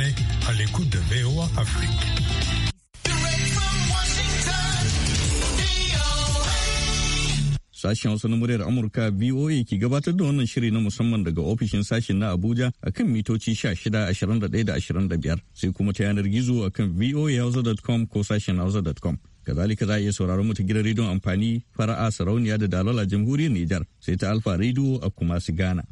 journée à l'écoute de VOA Afrique. Sashen Hausa na muryar Amurka VOA ke gabatar da wannan shiri na musamman daga ofishin sashen na Abuja akan mitoci 16, 21 25 sai kuma ta yanar gizo akan voahausa.com ko sashen hausa.com. kazalika za a iya sauraron mu gidan rediyon amfani fara'a sarauniya da dalola jamhuriyar Nijar sai ta alfa rediyo a kuma su Ghana.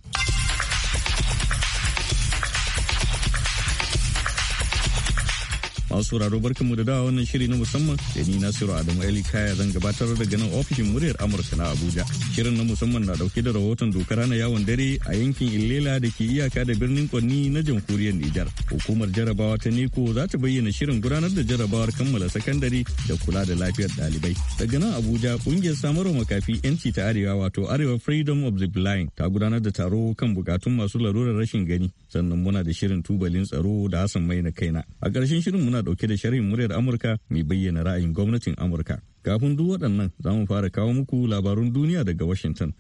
masu sauraro barkanmu da dawa wannan shiri na musamman da ni nasiru adamu ali kaya zan gabatar daga nan ofishin muryar amurka na abuja shirin na musamman na dauke da rahoton dokar hana yawon dare a yankin illela da ke iyaka da birnin kwanni na jamhuriyar nijar hukumar jarabawa ta neko za ta bayyana shirin gudanar da jarabawar kammala sakandare da kula da lafiyar ɗalibai daga nan abuja kungiyar samarwa makafi yanci ta arewa wato arewa freedom of the blind ta gudanar da taro kan bukatun masu larurar rashin gani sannan muna da shirin tubalin tsaro da hassan mai na kaina a ƙarshen shirin muna dauke da sharhin muryar Amurka mai bayyana ra'ayin gwamnatin Amurka. Kafin duk waɗannan za mu fara kawo muku labarun duniya daga Washington.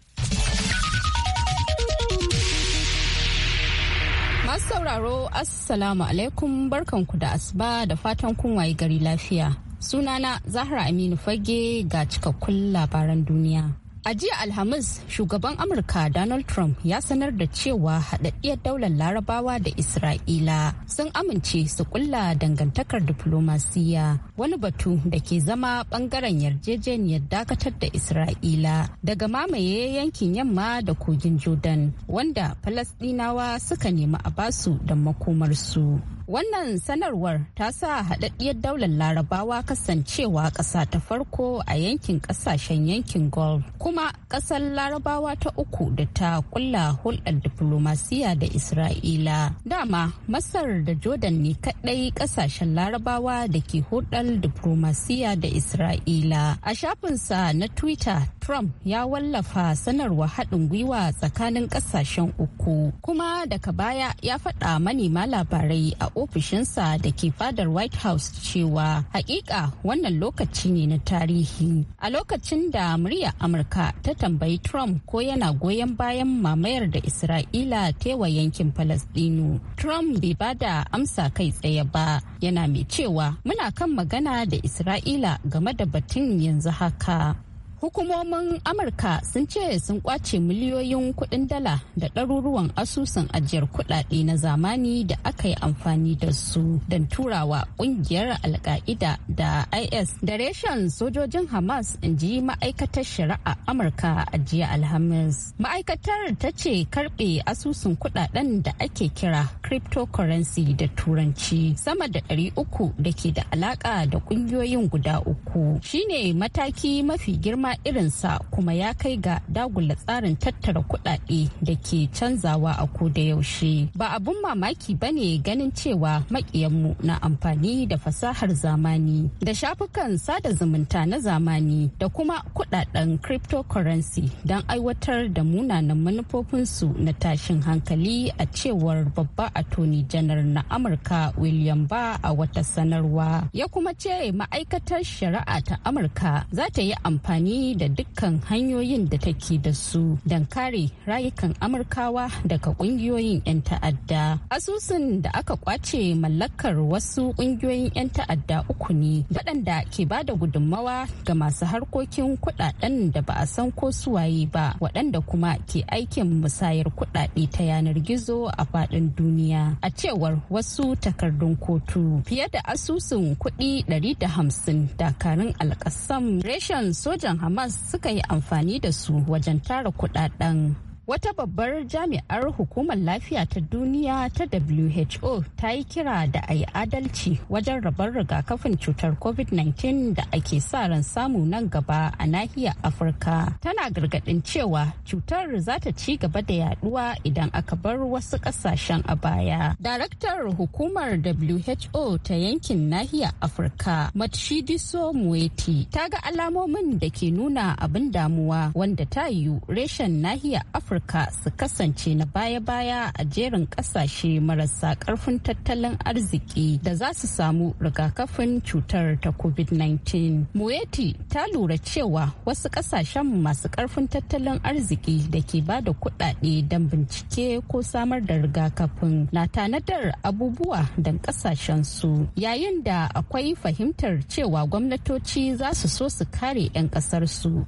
Masu sauraro Assalamu alaikum barkanku da asuba da fatan kun waye gari lafiya. Sunana Zahra Aminu Fage ga cikakkun labaran duniya. A jiya Alhamis, shugaban Amurka Donald Trump ya sanar da cewa haɗaɗɗiyar daular larabawa da Isra'ila sun amince su kulla dangantakar diflomasiya wani batu da ke zama ɓangaren yarjejeniyar dakatar da Isra'ila daga mamaye yankin yamma da kogin Jordan wanda Falasɗinawa suka nemi a basu da makomarsu. Wannan sanarwar ta sa haɗaɗɗiyar daular larabawa kasancewa ƙasa ta farko a yankin ƙasashen yankin Gulf kuma ƙasar larabawa ta uku da ta kulla hulɗar diflomasiya da Isra'ila. Dama Masar da Jordan ne kaɗai ƙasashen larabawa da ke hulɗar diflomasiya da Isra'ila. A shafinsa na Twitter, Trump ya wallafa sanarwa haɗin gwiwa tsakanin ƙasashen uku kuma daga baya ya faɗa manema labarai a ofishinsa da ke fadar White House cewa hakika wannan lokaci ne na tarihi. A lokacin da muryar Amurka ta tambayi Trump ko yana goyon bayan mamayar da Isra'ila tewa yankin Falasɗinu. Trump bai ba da amsa kai tsaye ba yana mai cewa muna kan magana da Isra'ila game da batun yanzu haka. Hukumomin Amurka sun ce sun kwace miliyoyin kuɗin dala da ɗaruruwan asusun ajiyar kuɗaɗe na zamani da aka yi amfani da su don turawa ƙungiyar alka'ida da IS da reshen sojojin Hamas in ji ma'aikatar shari'a Amurka a jiya Alhamis. Ma'aikatar ta ce karɓe asusun kuɗaɗen da ake kira cryptocurrency da turanci sama da ɗari uku da ke da alaƙa da ƙungiyoyin guda uku. Shine mataki mafi girma zama irinsa kuma ya kai ga dagula tsarin tattara kudade da ke canzawa a ko da yaushe ba abun mamaki ba ne ganin cewa makiyanmu na amfani da fasahar zamani da shafukan sada zumunta na zamani da kuma kudaden cryptocurrency don aiwatar da munanan manufofinsu na tashin hankali a cewar babba attorney janar na amurka william ba a wata sanarwa ya kuma ce ma'aikatar shari'a ta amurka za ta yi amfani amfani da dukkan hanyoyin da take da su don kare rayukan amurkawa daga kungiyoyin 'yan ta'adda asusun da aka kwace mallakar wasu kungiyoyin 'yan ta'adda uku ne waɗanda ke ba da gudummawa ga masu harkokin kuɗaɗen da ba a san ko suwaye ba waɗanda kuma ke aikin musayar kuɗaɗe ta yanar gizo a faɗin duniya a cewar wasu takardun kotu fiye da asusun kuɗi 150 dakarun alƙasam reshen sojan hamas suka yi amfani da su wajen tara kudaden Wata babbar jami'ar hukumar lafiya ta duniya ta WHO ta yi kira da a yi adalci wajen rabar rigakafin cutar COVID-19 da ake sa ran samu nan gaba a nahiyar Afirka. Tana gargaɗin cewa cutar za ta ci gaba da yaduwa idan aka bar wasu ƙasashen a baya. Daraktar hukumar WHO ta yankin nahiyar Afirka, Matshidiso Mueti, ta ga alamomin da ke nuna abin damuwa wanda ta yiwu reshen nahiyar Afirka Afirka su kasance na baya-baya a jerin kasashe marasa karfin tattalin arziki da za su samu rigakafin cutar ta COVID-19. Mueti ta lura cewa wasu kasashen masu karfin tattalin arziki da ke ba da kuɗaɗe don bincike ko samar da rigakafin na tanadar abubuwa don kasashen su yayin da akwai fahimtar cewa gwamnatoci za su so su kare 'yan kasar su.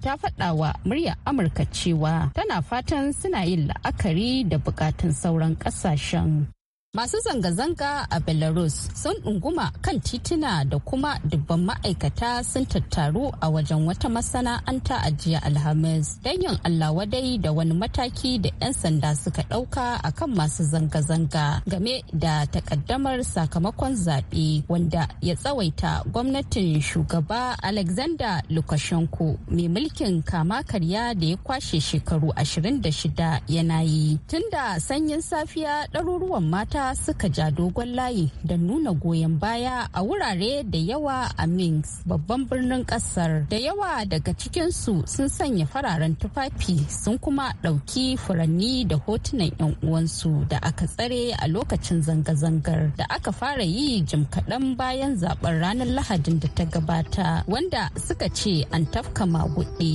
ta faɗawa murya Amurka cewa tana A fatan suna yin la'akari da bukatun sauran kasashen. Masu zanga-zanga a Belarus sun ɗunguma kan tituna da kuma dubban ma'aikata sun tattaru a wajen wata masana'anta a jiya Alhamis don yin Allah wadai da wani mataki da 'yan sanda suka ɗauka a kan masu zanga-zanga game da takaddamar sakamakon zaɓe wanda ya tsawaita gwamnatin shugaba Alexander Lukashenko mai mulkin kama karya da ya kwashe shekaru 26 yana yi. Tunda sanyin safiya ɗaruruwan mata mata suka ja dogon layi da nuna goyon baya a wurare da yawa a Minsk babban birnin kasar. Da yawa daga cikinsu sun sanya fararen tufafi sun kuma ɗauki furanni da hotunan 'yan uwansu da aka tsare a lokacin zanga-zangar da aka fara yi jim kaɗan bayan zaben ranar Lahadin da ta gabata wanda suka ce an tafka maguɗi.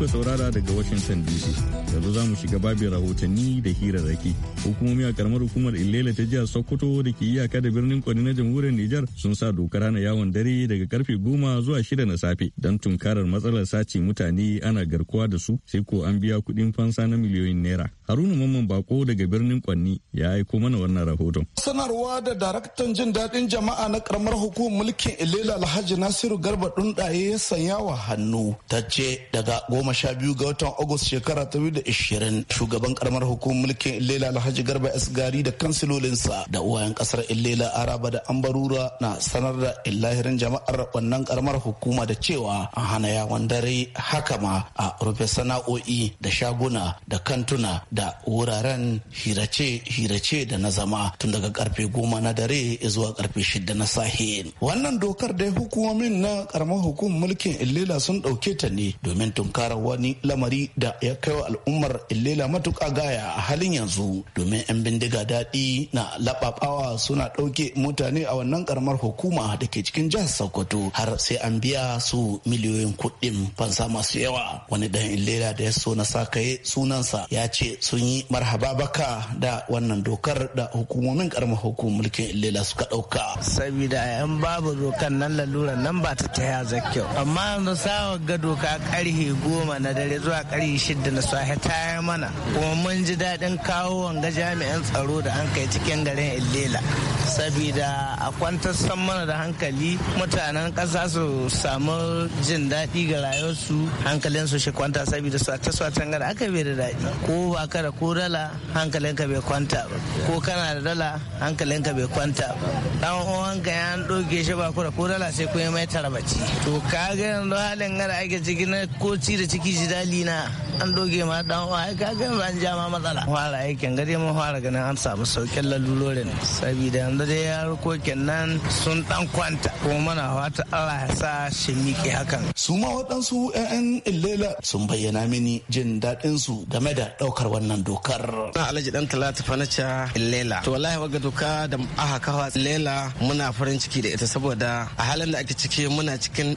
kuka saurara daga Washington DC. yanzu za mu shiga babin rahotanni da hirarraki hukumomi a karamar hukumar illela ta jihar sokoto da ke iyaka da birnin kwani na jamhuriyar nijar sun sa dokar hana yawon dare daga karfe goma zuwa shida na safe don tunkarar matsalar sace mutane ana garkuwa da su sai ko an biya kuɗin fansa na miliyoyin naira haruna mamman bako daga birnin kwanni ya aiko mana wannan rahoton sanarwa da daraktan jin daɗin jama'a na karamar hukumar mulkin illela alhaji nasiru garba dundaye ya sanya wa hannu ta ce daga goma sha biyu ga watan agus shekara ta biyu da Ishirin shugaban karamar hukumar mulkin illela alhaji garba asgari da kansilolinsa da uwayen kasar illela araba da ambarura na sanar da illahirin jama'ar wannan karamar hukuma da cewa an hana yawon dare haka ma a rufe sana'o'i da shaguna da kantuna da wuraren hirace-hirace da na zama tun daga karfe goma na dare zuwa karfe shida na sahi. wannan dokar dai hukumomin na karamar hukumar mulkin illela sun ɗauke ta ne domin tunkarar wani lamari da ya kai wa al'umma al'ummar illela matuƙa gaya a halin yanzu domin 'yan bindiga daɗi na laɓaɓawa suna ɗauke mutane a wannan karamar hukuma da ke cikin jihar sokoto har sai an biya su miliyoyin kuɗin fansa masu yawa wani dan illela da ya so na sa kai sunansa ya ce sun yi marhaba baka da wannan dokar da hukumomin karamar hukumar mulkin illela suka ɗauka. sabida yan babu dokar nan lalura nan ba ta taya zakkyau amma yanzu sawa ga doka karhe goma na dare zuwa karhe shidda na sahi tayar mana kuma mun ji daɗin kawo wanga jami'an tsaro da an kai cikin garin illela saboda a kwantar san mana da hankali mutanen ƙasa su samu jin daɗi ga rayuwarsu hankalin su shi kwanta saboda swata swatan gada aka bai da daɗi ko ba ka da ko dala hankalin ka bai kwanta ba ko kana da dala hankalin ka bai kwanta ba dan ka ya ɗauke shi ba ku da ko dala sai kun yi mai tarbaci to ka ga yanzu halin da ake ciki na ko ci da ciki ji dali na an doge ma dan uwa ai ga an ja ma matsala fara aikin gari mun fara ganin an samu saukin lalurorin saboda yanzu yanzu dai harkokin kenan sun dan kwanta kuma mana fata Allah ya sa shi miƙe hakan. Su ma waɗansu 'ya'yan illela sun bayyana mini jin daɗin su game da ɗaukar wannan dokar. Na alhaji dan talata fanacha illela. To wallahi waga doka da aka kawo illela muna farin ciki da ita saboda a halin da ake ciki muna cikin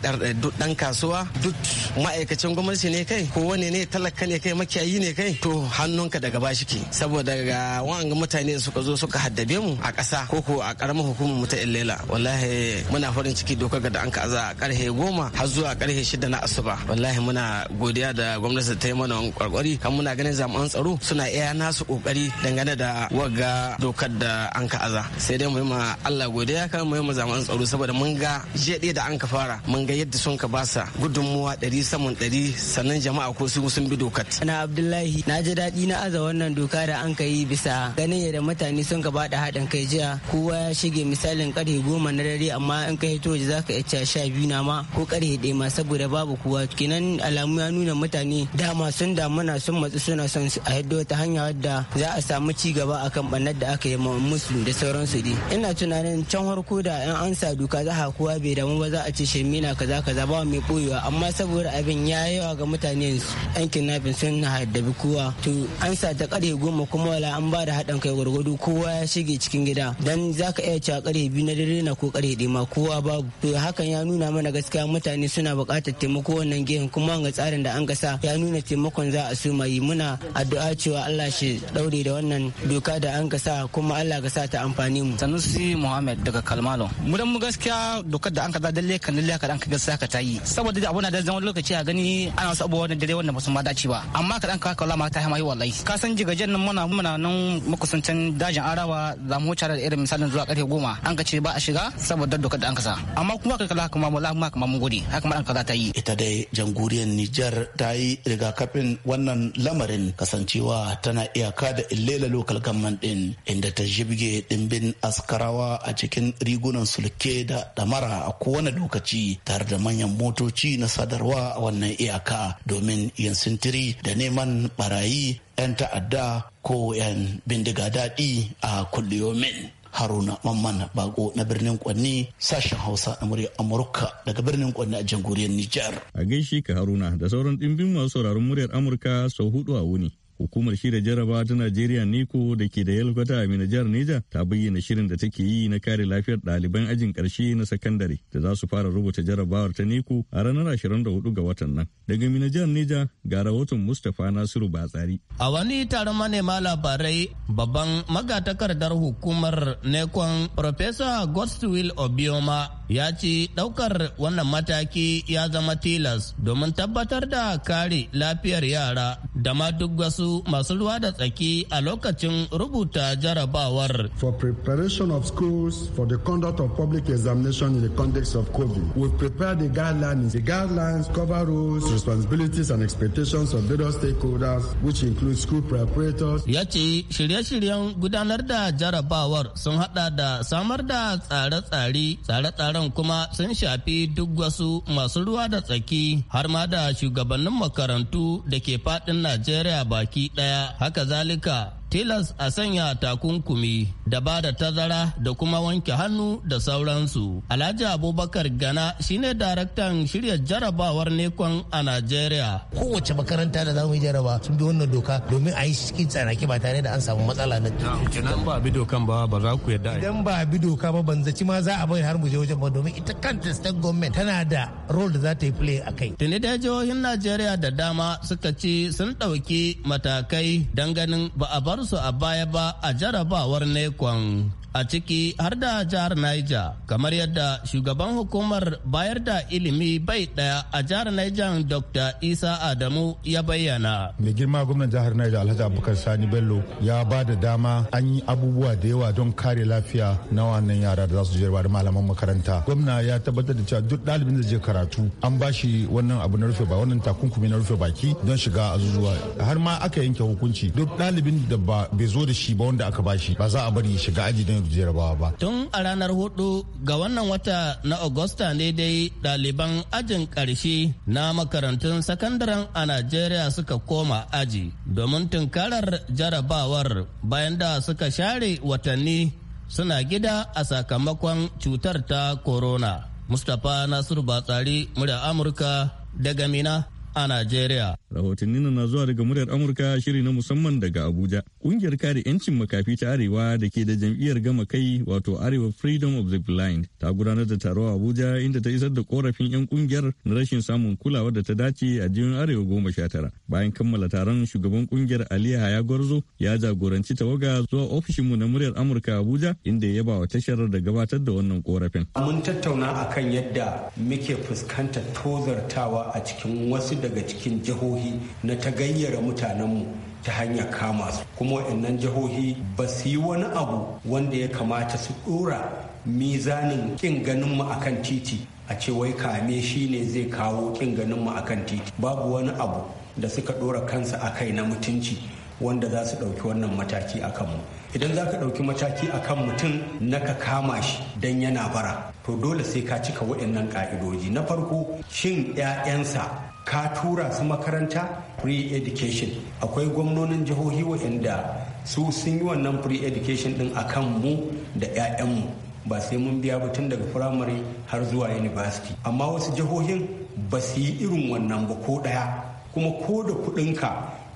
ɗan kasuwa duk ma'aikacin gwamnati ne kai ko wani ne talaka ne kai makiyayi ne kai to hannunka daga bashi ke saboda ga wa'anga mutane suka zo suka haddabe mu a ƙasa ko ko a karamar hukumar mu ta illela wallahi muna farin ciki dokar ga da an kaza a karhe goma har zuwa karhe shida na asuba wallahi muna godiya da gwamnati ta yi mana kwarkwari kan muna ganin jami'an tsaro suna iya nasu kokari dangane da wagga dokar da an kaza sai dai mu yi ma Allah godiya kan mu yi ma tsaro saboda mun ga jeɗe da an ka fara mun ga yadda sun ka basa gudunmuwa ɗari saman ɗari sannan jama'a ko su sun bi dokar. Na Abdullahi na ji daɗi na aza wannan doka da an ka yi bisa ganin yadda mutane sun ka bada haɗin kai jiya ko kowa ya shige misalin karhe goma na dare amma in ka hito za ka iya sha biyu na ma ko karhe ɗaya ma saboda babu kowa kenan alamu ya nuna mutane dama sun damuna sun matsu suna son a yadda wata hanya wadda za a samu ci gaba akan bannar da aka yi ma musu da sauransu dai ina tunanin can harko da in an sa duka za a kowa bai damu ba za a ce shirmina kaza kaza ba mai boyewa amma saboda abin ya yawa ga mutane an yan kidnapping sun haddabi kowa to an sa ta karhe goma kuma wala an ba da haɗin kai gwargwado kowa ya shige cikin gida dan za ka iya cewa kare biyu na dare na ko kare ɗaya ma kowa babu to hakan ya nuna mana gaskiya mutane suna buƙatar taimako wannan gehen kuma wanga tsarin da an gasa ya nuna taimakon za a suma yi muna addu'a cewa Allah shi daure da wannan doka da an gasa kuma Allah ka sa ta amfani mu Sanusi Muhammad daga Kalmalo mu dan mu gaskiya dokar da an kaza dalle kan dalle ka dan ka gaskiya ka tayi saboda da abuna da zama lokaci a gani ana wasu abubuwa da dare wannan ba su ma dace ba amma ka dan ka kawo lamata ta hama yi wallahi ka san jigajen nan muna muna nan makusantan dajin Arawa za mu da irin misali nan zuwa karfe goma an ka ce ba a shiga saboda dokar da an kasa amma kuma ka kala kuma mala kuma kuma mun gode haka ma an kaza ta yi ita dai jamhuriyar Nijar ta yi rigakafin wannan lamarin kasancewa tana iyaka da illela local government din inda ta jibge dimbin askarawa a cikin rigunan sulke da damara a kowane lokaci tare da manyan motoci na sadarwa a wannan iyaka domin yin sintiri da neman barayi 'yan ta'adda ko 'yan bindiga daɗi a kulliyomin. haruna mamman baƙo na birnin kwanni sashen hausa na murya amurka daga birnin kwanni a jamhuriyar nijar a gaishe ka haruna da sauran dimbin masu sauraron muryar amurka sau hudu a wuni hukumar shirya jaraba ta najeriya neko da ke da yalkwata a mina jihar neja ta bayyana shirin da take yi na kare lafiyar ɗaliban ajin ƙarshe na sakandare da za su fara rubuta jarabawar ta niko a ranar 24 ga watan nan daga mina jihar neja ga rahoton mustapha nasiru batsari a wani taron manema labarai babban magatakardar hukumar nekon professor godswill obioma ya ce ɗaukar wannan mataki ya zama tilas domin tabbatar da kare lafiyar yara da ma duk wasu su masu ruwa da tsaki a lokacin rubuta jarabawar. For preparation of schools for the conduct of public examination in the context of COVID, we prepare the guidelines. The guidelines cover rules responsibilities and expectations of various stakeholders which include school preparators. Ya ce shirye-shiryen gudanar da jarabawar sun hada da samar da tsare-tsare, tsare-tsaren kuma sun shafi duk wasu masu ruwa da tsaki har ma da shugabannin makarantu da ke faɗin Najeriya baki baki ɗaya haka zalika tilas a sanya takunkumi da ba da tazara da kuma wanke hannu da sauransu. Alhaji Abubakar Gana shine daraktan shirya jarabawar nekon a Najeriya. Kowace makaranta da zamu yi jaraba sun bi wannan doka domin a yi cikin tsanaki ba tare da an samu matsala na Idan ba bi dokan ba ba za ku yadda. Idan ba bi doka ba ban zaci ma za a bai har mu je wajen ba domin ita kanta state government tana da role da za ta yi play a kai. Tuni da jihohin Najeriya da dama suka ce sun ɗauki matakai don ganin ba a bar su a baya ba a jarabawar nekon a ciki har da jihar Niger kamar yadda shugaban hukumar bayar da ilimi bai daya a jihar Niger Dr. Isa Adamu ya bayyana. Mai girma gwamnan jihar Niger Alhaji Abubakar Sani Bello ya ba da dama an yi abubuwa da yawa don kare lafiya na wannan yara da za su je da malaman makaranta. Gwamna ya tabbatar da cewa duk ɗalibin da je karatu an ba shi wannan abu na rufe ba wannan takunkumi na rufe baki don shiga azuzuwa har ma aka yanke hukunci duk ɗalibin da bai zo da shi ba wanda aka ba shi ba za a bari shiga aji don jarabawa ba. Tun a ranar hudu ga wannan wata na Agusta ne dai ɗaliban ajin ƙarshe na makarantun sakandaren a Najeriya suka koma aji domin tunkarar jarabawar bayan da suka share watanni suna gida a sakamakon cutar ta corona. Mustapha Nasiru Batsari, murya Amurka daga Mina a Najeriya. rahotanni na zuwa daga muryar Amurka shiri na musamman daga Abuja. Kungiyar kare 'yancin makafi ta Arewa da ke da jam'iyyar gama kai wato Arewa Freedom of the Blind ta gudanar da taro a Abuja inda ta isar da korafin 'yan kungiyar na rashin samun kulawa da ta dace a jihohin Arewa goma sha tara. Bayan kammala taron shugaban kungiyar Ali Haya Gwarzo ya jagoranci tawaga zuwa ofishinmu na muryar Amurka Abuja inda ya yaba wa tashar da gabatar da wannan korafin. Mun tattauna akan yadda muke fuskantar tozartawa a cikin wasu daga cikin jihohi na ta gayyara mutanenmu ta hanyar kama su kuma waɗannan jihohi ba su yi wani abu wanda ya kamata su ɗora mizanin ƙin ganinmu a kan titi a ce wai kame shi ne zai kawo ƙin ganinmu a kan titi babu wani abu da suka ɗora kansa a kai na mutunci wanda za su ɗauki wannan mataki a kanmu idan za ka ɗauki mataki a kan mutum na ka kama shi don yana bara to dole sai ka cika waɗannan ƙa'idoji na farko shin 'ya'yansa ka tura su makaranta free education akwai gwamnonin jihohi waɗanda su sun yi wannan free education din akan mu da 'ya'yanmu ba sai mun biya ba tun daga firamare har zuwa university amma wasu jihohin ba su yi irin wannan ba ko ɗaya kuma ko da kuɗinka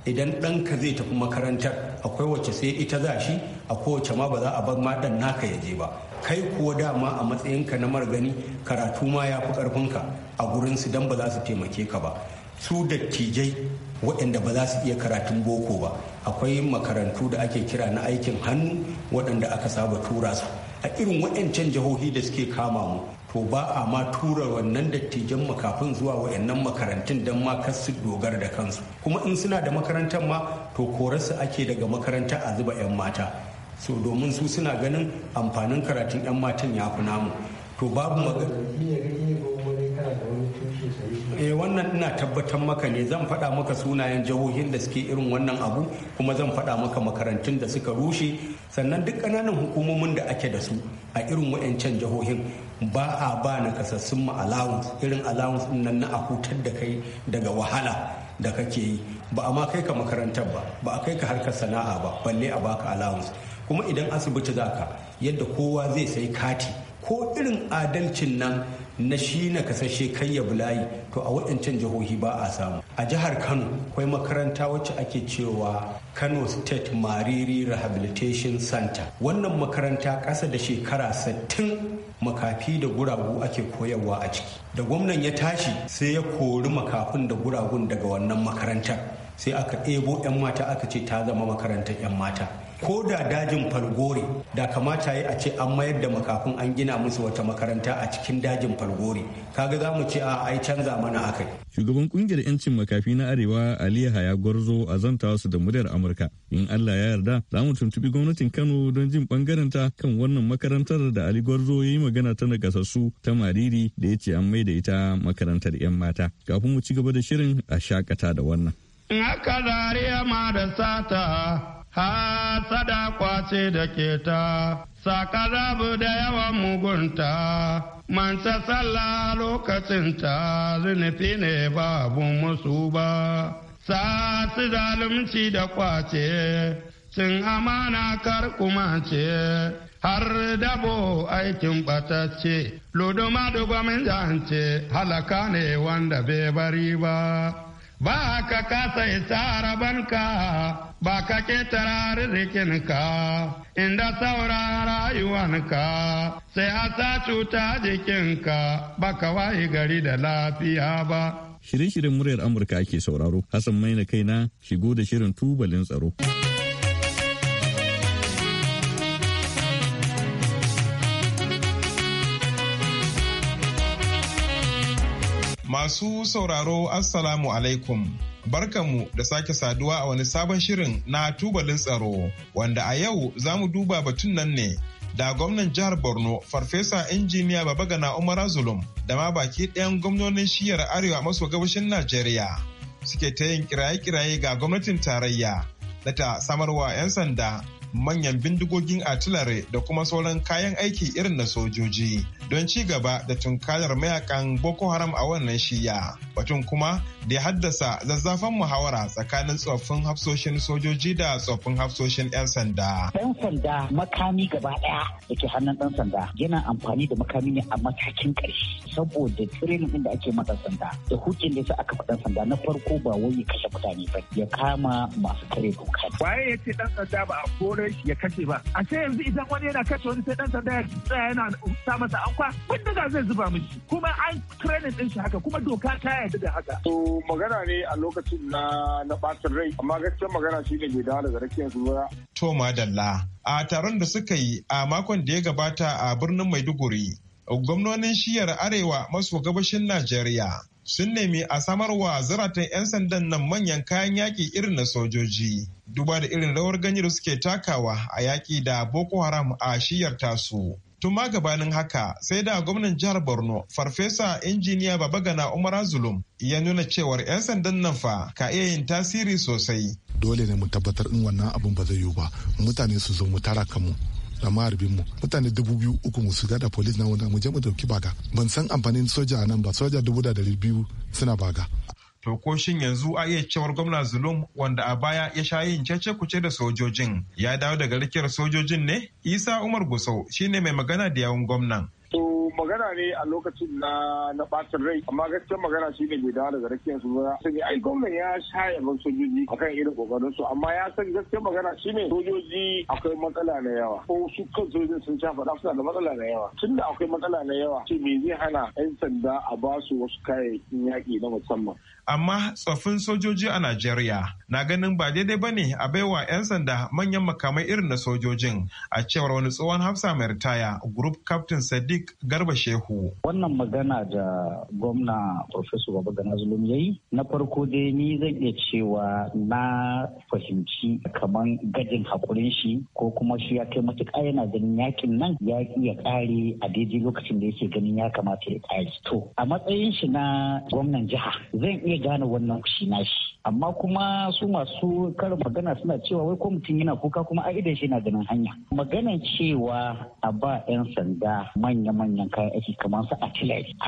idan ɗanka zai tafi makarantar akwai wacce sai ita za shi a kowace ma ba za a bar ma ɗan naka ya je ba kai kuwa dama a matsayinka na margani karatu ma ya fi ƙarfinka a gurinsu don ba za su taimake ka ba su dattijai waɗanda ba za su iya karatun boko ba akwai makarantu da ake kira na aikin hannu waɗanda aka saba tura su a irin waɗancan jihohi da suke kama mu to ba a ma tura wannan dattijan makafin zuwa wayannan makarantun don ma kar su dogara da kansu kuma in suna da makarantar ma to korarsu ake daga makaranta a zuba 'yan mata so domin su suna ganin amfanin karatun 'yan matan ya fi namu to babu eh wannan ina tabbatar maka ne zan faɗa maka sunayen jihohin da suke irin wannan abu kuma zan faɗa maka makarantun da suka rushe sannan duk ƙananan hukumomin da ake da su a irin wayancan jihohin ba a ba na kasassun mu allowance irin allowance din nan na a hutar da kai daga wahala da kake yi ba a ma kai ka makarantar ba ba a kai ka harkar sana'a ba balle a baka allowance kuma idan asibiti zaka yadda kowa zai sai kati ko irin adalcin nan na shi na kasashe kai ya bulayi to a waɗancan jihohi ba a samu a jihar kano akwai makaranta wacce ake cewa kano state mariri rehabilitation center wannan makaranta ƙasa da shekara sittin, makafi da guragu ake koyarwa a ciki da gwamnan ya tashi sai ya kori makafin da guragun daga wannan makarantar sai aka ɗebo 'yan mata aka ce ta zama makarantar 'yan mata ko da dajin falgore da kamata yi a ce an mayar da makafin an gina musu wata makaranta a cikin dajin falgore kaga za mu ce a ai canza mana akai shugaban kungiyar yancin makafi na arewa ali haya gwarzo a zanta su da muryar amurka in allah ya yarda za mu tuntubi gwamnatin kano don jin bangaren ta kan wannan makarantar da ali gwarzo ya yi magana ta nagasassu ta mariri da ya ce an mai da ita makarantar yan mata kafin mu ci gaba da shirin a shakata da wannan in aka zariya ma da sata ha hasada kwace da keta saka zabu da yawan mugunta salla lokacin ta zunufi ne babu musu ba sa su zalunci da kwace cin amana kar kuma ce har dabo aikin batacce luduma da gwamin jance halaka ne wanda bai bari ba ba ka kasa tara ka ba ka ketara ka inda saura ka sai a sa cuta ka ba ka wayi gari da lafiya ba. Shirin-shirin muryar Amurka ake sauraro, Hassan Maina kaina shigo da shirin tubalin tsaro. Masu sauraro Assalamu alaikum. Barkanmu da sake saduwa a wani sabon shirin na tubalin tsaro wanda a yau za mu duba batun nan ne da gwamnan jihar Borno Farfesa Injiniya Babagana Umar Zulum da ma baki ɗayan gwamnonin shiyar Arewa maso gabashin Najeriya suke ta yin kiraye-kiraye ga gwamnatin tarayya da ta samarwa 'yan sanda manyan bindigogin artillery da kuma sauran kayan aiki irin na sojoji don ci gaba da tunkarar mayakan boko haram a wannan shiya batun kuma da ya haddasa zazzafan muhawara tsakanin tsoffin hafsoshin sojoji da tsoffin hafsoshin 'yan sanda ɗan sanda makami gaba ɗaya da ke hannun ɗan sanda yana amfani da makami ne a matakin ƙarshe saboda training ɗin da ake mata sanda da hukin da aka faɗan sanda na farko ba wai ya kashe mutane ba ya kama masu kare doka waye ya ce ɗan sanda ba a aure ya kashe ba a ce yanzu idan wani yana kashe wani sai dan sanda ya tsaya yana sa masa ankwa bindiga zai zuba mishi kuma an training din shi haka kuma doka ta yarda da haka to magana ne a lokacin na na bacin rai amma gaskiyar magana shi ne bai daga su ba to madalla a taron da suka yi a makon da ya gabata a birnin Maiduguri gwamnonin shiyar arewa maso gabashin Najeriya sun nemi a samarwa zaratan 'yan sandan nan manyan kayan yaƙi irin na sojoji duba da irin rawar ganyar suke takawa a yaƙi da boko haram a shiyar tasu tun ma gabanin haka sai da gwamnan jihar borno farfesa injiniya Baba babagana Umar zulum ya nuna cewar 'yan sandan nan fa ka iya yin tasiri sosai dole ne mu tabbatar in wannan abun ba zai yiwu ba mutane su zo mu tara kanmu da maharbin mu mutane dubu biyu uku musu gada da police na wanda mu je mu dauki baga ban san amfanin soja a nan ba soja dubu da dari biyu suna baga to ko shin yanzu a iya cewar gwamna zulum wanda a baya ya sha yin cece kuce da sojojin ya dawo daga rikiyar sojojin ne isa umar gusau shine mai magana da yawun gwamnan magana ne a lokacin na na bacin rai amma gaskiyar magana shi ne bai daga rakiyar su ba sai ai gwamnati ya sha yaban sojoji akan irin kokarin su amma ya san gaskiyar magana shi ne sojoji akwai matsala na yawa ko su kan sojojin sun sha faɗa suna da matsala na yawa tun da akwai matsala na yawa shi me zai hana 'yan sanda a ba su wasu kayayyakin yaƙi na musamman amma tsoffin sojoji a Najeriya na ganin ba daidai ba ne a baiwa 'yan sanda manyan makamai irin na sojojin a cewar wani tsohon hafsa mai ritaya group captain sadiq Garba Shehu. Wannan magana da gwamna Profesor gana Zulum ya yi, na farko dai ni zan iya cewa na fahimci kaman gajin haƙurin shi ko kuma shi ya kai matuƙa yana ganin yakin nan ya iya ƙare a daidai lokacin da yake ganin ya kamata ya ƙare. To, a matsayin shi na gwamnan jiha zan iya gane wannan shi na shi. amma kuma su masu karin magana suna cewa wai ko mutum yana kuka kuma a idan shi na ganin hanya maganan cewa a ba 'yan sanda manya-manyan kayan aiki kamar su a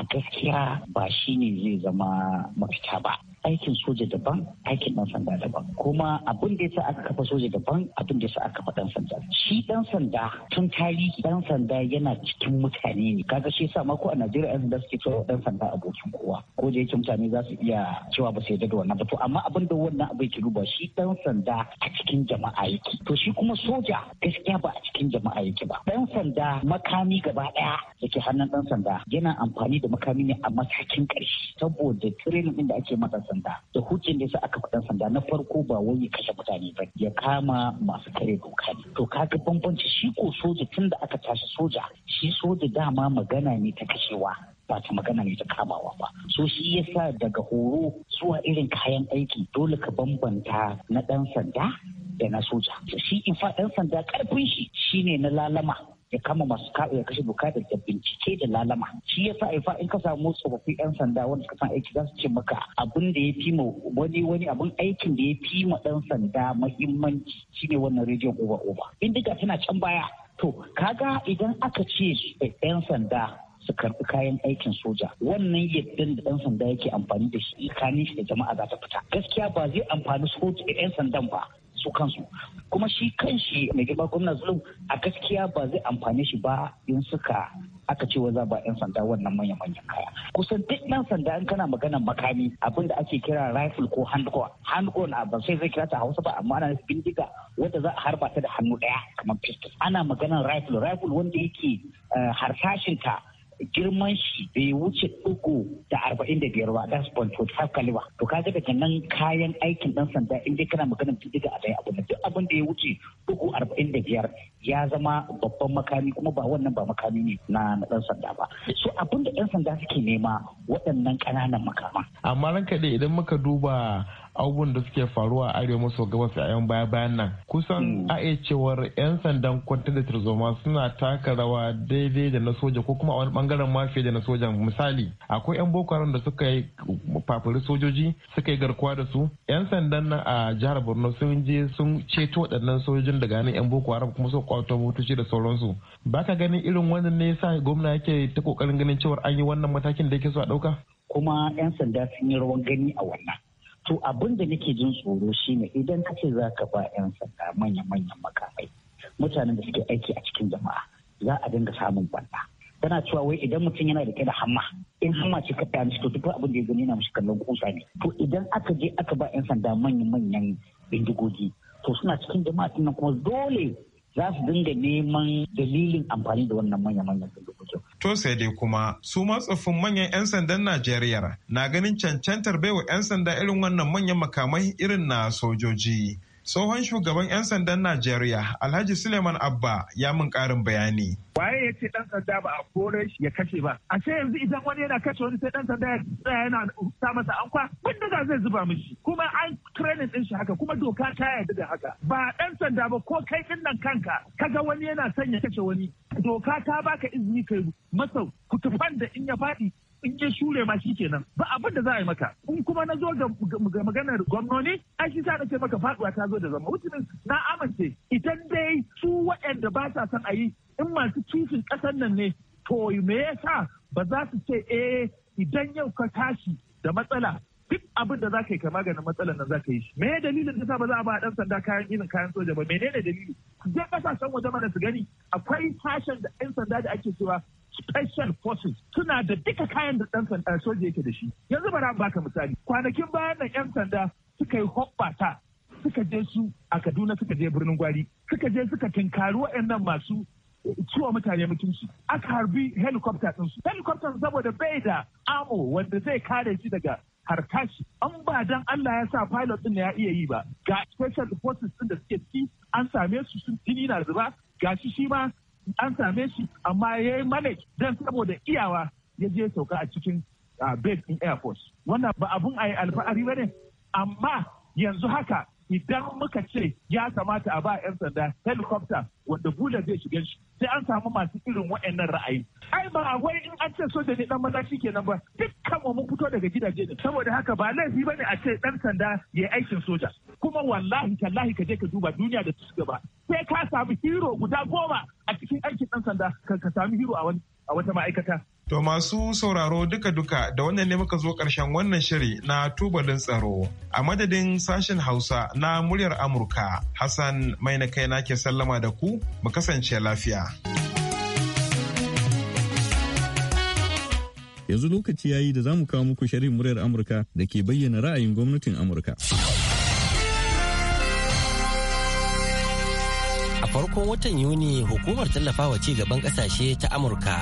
a gaskiya ba shi ne zai zama mafita ba aikin soja daban aikin dan sanda daban kuma abin da yasa aka kafa soja daban abin da yasa aka kafa dan sanda shi dan sanda tun tarihi dan sanda yana cikin mutane ne kaga shi yasa ma ko a Najeriya yan sanda suke cewa dan sanda abokin kowa ko da yake mutane za su iya cewa ba su yarda da wannan ba to amma abin da wannan abin ke duba shi dan sanda a cikin jama'a yake to shi kuma soja gaskiya ba a cikin jama'a yake ba dan sanda makami gaba daya yake hannun dan sanda yana amfani da makami ne a matakin karshe saboda training din da ake masa sanda da hukin da sa aka fi dan sanda na farko ba wai ya kashe mutane ba ya kama masu kare doka ne to kaga bambanci shi ko soja tun da aka tashi soja shi soja dama magana ne ta kashewa ba ta magana ne ta kamawa ba so shi yasa daga horo zuwa irin kayan aiki dole ka bambanta na ɗan sanda da na soja shi in fa dan sanda karfin shi shine na lalama ya kama masu ya kashe doka da bincike da lalama shi ya yasa aifa in ka samu tsofaffin yan sanda wanda suka san aiki za su ce maka abin da ya fi ma wani wani abin aikin da ya fi ma dan sanda mahimmanci shine wannan rediyon uba uba in diga tana can baya to kaga idan aka ce yan sanda su karɓi kayan aikin soja wannan yaddan da ɗan sanda yake amfani da shi tsakanin shi da jama'a za ta fita gaskiya ba zai amfani soja da yan sandan ba su kansu kuma shi kanshi mai girma gwamna zulum a gaskiya ba zai amfane shi ba in suka aka ce za ba 'yan sanda wannan manya-manyan kaya kusan duk ɗan sanda in kana magana makami abin da ake kira rifle ko hand gun. Hand a ban sai zai kira ta hausa ba amma ana bindiga wanda za a harba ta da hannu ɗaya kamar pistol ana maganar rifle rifle wanda yake eh, harsashin ta girman shi bai wuce uku da arba'in da biyar ba that's point to five kaliwa. to ka ga daga nan kayan aikin ɗan sanda in dai kana magana tun daga adai abu duk abin da ya wuce uku arba'in da biyar ya zama babban makami kuma ba wannan ba makami ne na ɗan sanda ba so abin da ɗan sanda suke nema waɗannan ƙananan makama amma ranka dai idan muka duba abubuwan da suke faruwa a arewa maso gabas a yan baya bayan nan kusan hmm. a iya cewar yan sandan kwantar da tirzoma suna taka rawa daidai da na soja ko kuma a wani bangaren mafiya da na sojan misali akwai yan boko haram da suka yi fafari sojoji suka yi garkuwa da su yan sandan nan a jihar borno sun je sun ceto waɗannan sojojin daga hannun yan boko haram kuma suka kwato motoci da sauransu baka ganin irin wannan ne yasa gwamna yake ta kokarin ganin cewar an yi wannan matakin da yake so a ɗauka kuma 'yan sanda sun yi rawan gani a wannan To abin da nake jin tsoro shine idan ka ce za ka ba 'yan sanda manya-manyan makamai mutanen da suke aiki a cikin jama'a za a dinga samun banda tana cewa wai idan mutum yana da da hamma in hamma ce ka ta mishi to duk abin da ya gani yana mishi kallon kusa ne to idan aka je aka ba 'yan sanda manya-manyan bindigogi to suna cikin jama'a nan kuma dole za su dinga neman dalilin amfani da wannan manya-manyan bindigogi To sai dai kuma su ma tsoffin manyan 'yan sandan Najeriya na ganin cancantar baiwa 'yan sanda irin wannan manyan makamai irin na sojoji. Tsohon shugaban 'yan sandan Najeriya Alhaji Suleiman Abba ya min karin bayani. Waye ya ce dan sanda ba a kore shi ya kashe ba. A ce yanzu idan wani yana kashe wani sai dan sanda ya tsaya yana sa masa ankwa bindiga zai zuba mishi. Kuma an training din shi haka kuma doka ta yarda da haka. Ba ɗan sanda ba ko kai din nan kanka kaga wani yana son ya kashe wani. Doka ta baka izini kai masa kutufan da in ya faɗi in ya shure ma shi kenan ba abin da za a yi maka in kuma na zo ga maganar gwamnoni ai shi sa ce maka faduwa ta zo da zama mutumin na amince idan dai su waɗanda ba sa son a yi in masu kifin ƙasar nan ne to me yasa ba za su ce eh idan yau ka tashi da matsala duk abin da za ka yi ka maganin matsalar nan za ka yi shi. Me dalilin da ba za a ba dan sanda kayan ginin kayan soja ba menene dalili? Je kasashen waje mana su gani akwai sashen da 'yan sanda da ake cewa special forces suna da duka kayan da ɗan sanda eh, soja yake da shi yanzu bara baka misali kwanakin bayan nan yan sanda suka yi hoɓɓata suka je su a Kaduna suka je birnin Gwari suka je suka tinkari waɗannan masu eh, ciwo mutane mutunci aka harbi helicopter ɗinsu helicopter saboda bai da amo wanda zai kare shi daga harkashi an ba dan Allah ya sa pilot ɗin ya iya yi ba ga special forces ɗin da suke ciki an same su sun jini na zuba gashi shi ma an same shi amma ya yi manage don saboda iyawa ya je sauka a cikin base in air force wannan ba abun a yi alfahari ba ne amma yanzu haka idan muka ce ya kamata a ba 'yan sanda helicopter wanda bula zai shiga shi sai an samu masu irin wa'annan ra'ayi ai ba akwai in an ce soja ne dan maza kenan ba dukkan mu mun fito daga gidaje ne saboda haka ba laifi bane a ce dan sanda ya aikin soja kuma wallahi tallahi ka je ka duba duniya da su gaba sai ka samu hero guda goma a cikin aikin ɗan sanda ka sami hero a wata ma'aikata. To masu sauraro duka-duka da wannan ne muka zo karshen wannan shiri na tubalin tsaro a madadin sashen Hausa na muryar Amurka Hassan mai na kai ke sallama da ku mu kasance lafiya. Yanzu lokaci ya yi da za mu kawo muku shirin muryar Amurka da ke bayyana ra'ayin gwamnatin Amurka. farkon watan Yuni hukumar tallafawa ci gaban kasashe ta Amurka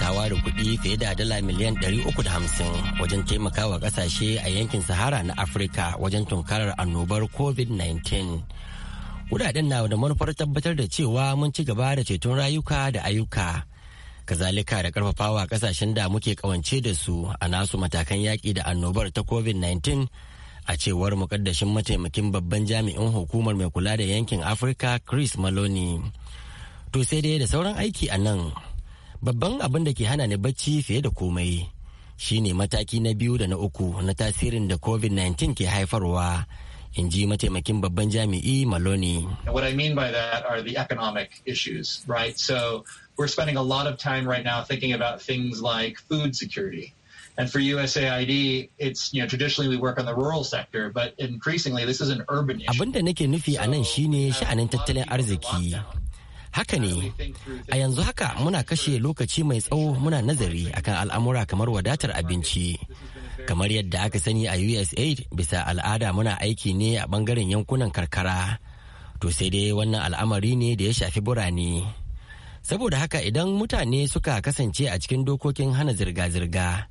ta ware kuɗi fiye da dala miliyan 350 wajen taimakawa kasashe a yankin Sahara na Afirka wajen tunkarar annobar COVID-19. Kudaden na da manufar tabbatar da cewa mun ci gaba da ceton rayuka da ayyuka. Kazalika da karfafawa kasashen da muke kawance da su a nasu matakan yaƙi da annobar ta COVID-19 a cewar mukaddashin mataimakin babban jami'in hukumar mai kula da yankin afirka chris maloney to sai dai da sauran aiki a nan babban abin da ke hana ni bacci fiye da komai shine mataki na biyu da na uku na tasirin da covid-19 ke haifarwa in ji mataimakin babban jami'i Maloney. What I mean by that are the economic issues, right? So we're spending a lot of time right now thinking about things like food security. And for USAID, it's you know traditionally we work on the rural sector, but increasingly this is an urban issue. Abin da nake nufi a nan shine uh, sha'anin tattalin arziki. Haka ne, a yanzu haka muna kashe lokaci mai tsawo muna nazari akan al'amura kamar wadatar abinci. Kamar yadda aka sani a USAID bisa al'ada muna aiki ne a bangaren yankunan karkara. To sai dai wannan al'amari ne da ya shafi burane. Saboda haka idan mutane suka kasance a cikin dokokin hana zirga-zirga.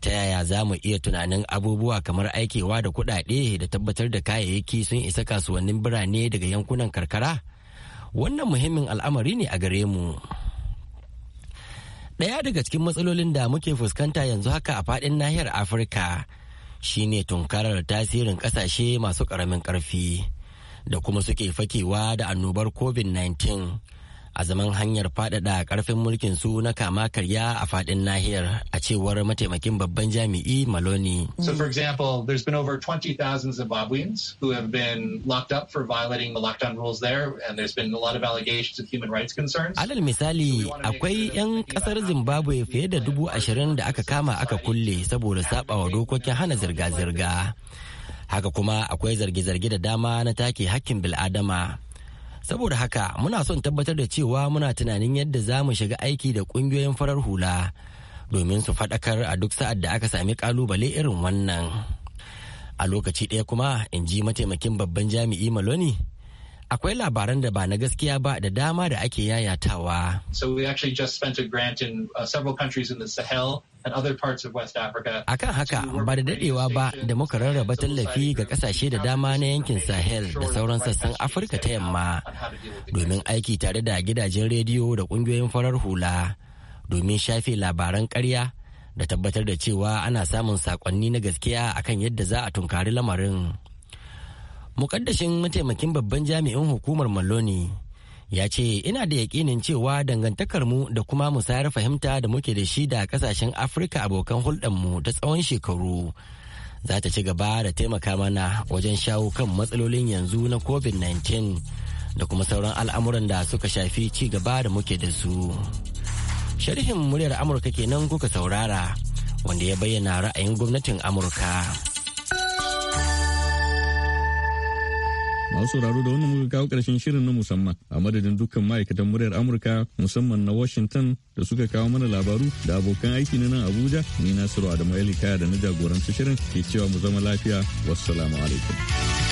ta yaya za mu iya tunanin abubuwa kamar aikewa da kuɗaɗe da tabbatar da kayayyaki sun isa kasuwannin birane daga yankunan karkara wannan muhimmin al'amari ne a gare mu ɗaya daga cikin matsalolin da muke fuskanta yanzu haka a faɗin nahiyar afirka shine tunkarar tasirin ƙasashe masu ƙaramin ƙarfi da kuma suke fakewa da annobar covid-19 a zaman hanyar faɗaɗa ƙarfin mulkin su na kama karya a faɗin nahiyar a cewar mataimakin babban jami'i Maloni. So for example, there's been over 20,000 Zimbabweans who have been locked up for violating the lockdown rules there and there's been a lot of allegations of human rights concerns. Alal misali, akwai 'yan ƙasar Zimbabwe fiye da dubu ashirin da aka kama aka kulle saboda sabawa dokokin hana zirga-zirga. Haka kuma akwai zarge-zarge da dama na take hakkin bil'adama. saboda haka muna son tabbatar da cewa muna tunanin yadda za mu shiga aiki da ƙungiyoyin farar hula domin su faɗakar a duk sa'ad da aka sami ƙalubale irin wannan a lokaci ɗaya kuma in ji mataimakin babban jami'i maloni akwai labaran da ba na gaskiya ba da dama da ake yayatawa. So we actually just spent a grant in uh, several countries in the Sahel Akan haka ba da dadewa ba da muka rarraba tallafi ga kasashe da dama na yankin Sahel da sauran sassan Afirka ta yamma domin aiki tare da gidajen rediyo da kungiyoyin farar hula domin shafe labaran ƙarya, da tabbatar da cewa ana samun sakonni na gaskiya akan yadda za a tunkari lamarin. Mukaddashin mataimakin babban jami'in hukumar Maloney ya ce ina da yakinin cewa dangantakarmu da kuma musayar fahimta da muke da shi da kasashen afirka abokan hulɗarmu ta tsawon shekaru za ta ci gaba da taimaka mana wajen shawo kan matsalolin yanzu na covid-19 da kuma sauran al'amuran da suka shafi ci gaba da muke da su sharhin muryar amurka kenan kuka saurara wanda ya bayyana ra'ayin gwamnatin amurka. Masu sauraro da wannan muka kawo ƙarshen shirin na musamman a madadin dukkan ma'aikatan muryar Amurka musamman na Washington da suka kawo mana labaru da abokan aiki na nan Abuja ni Nasiru Adamu Elikaya da na jagoranci shirin ke cewa mu zama lafiya wassalamu alaikum.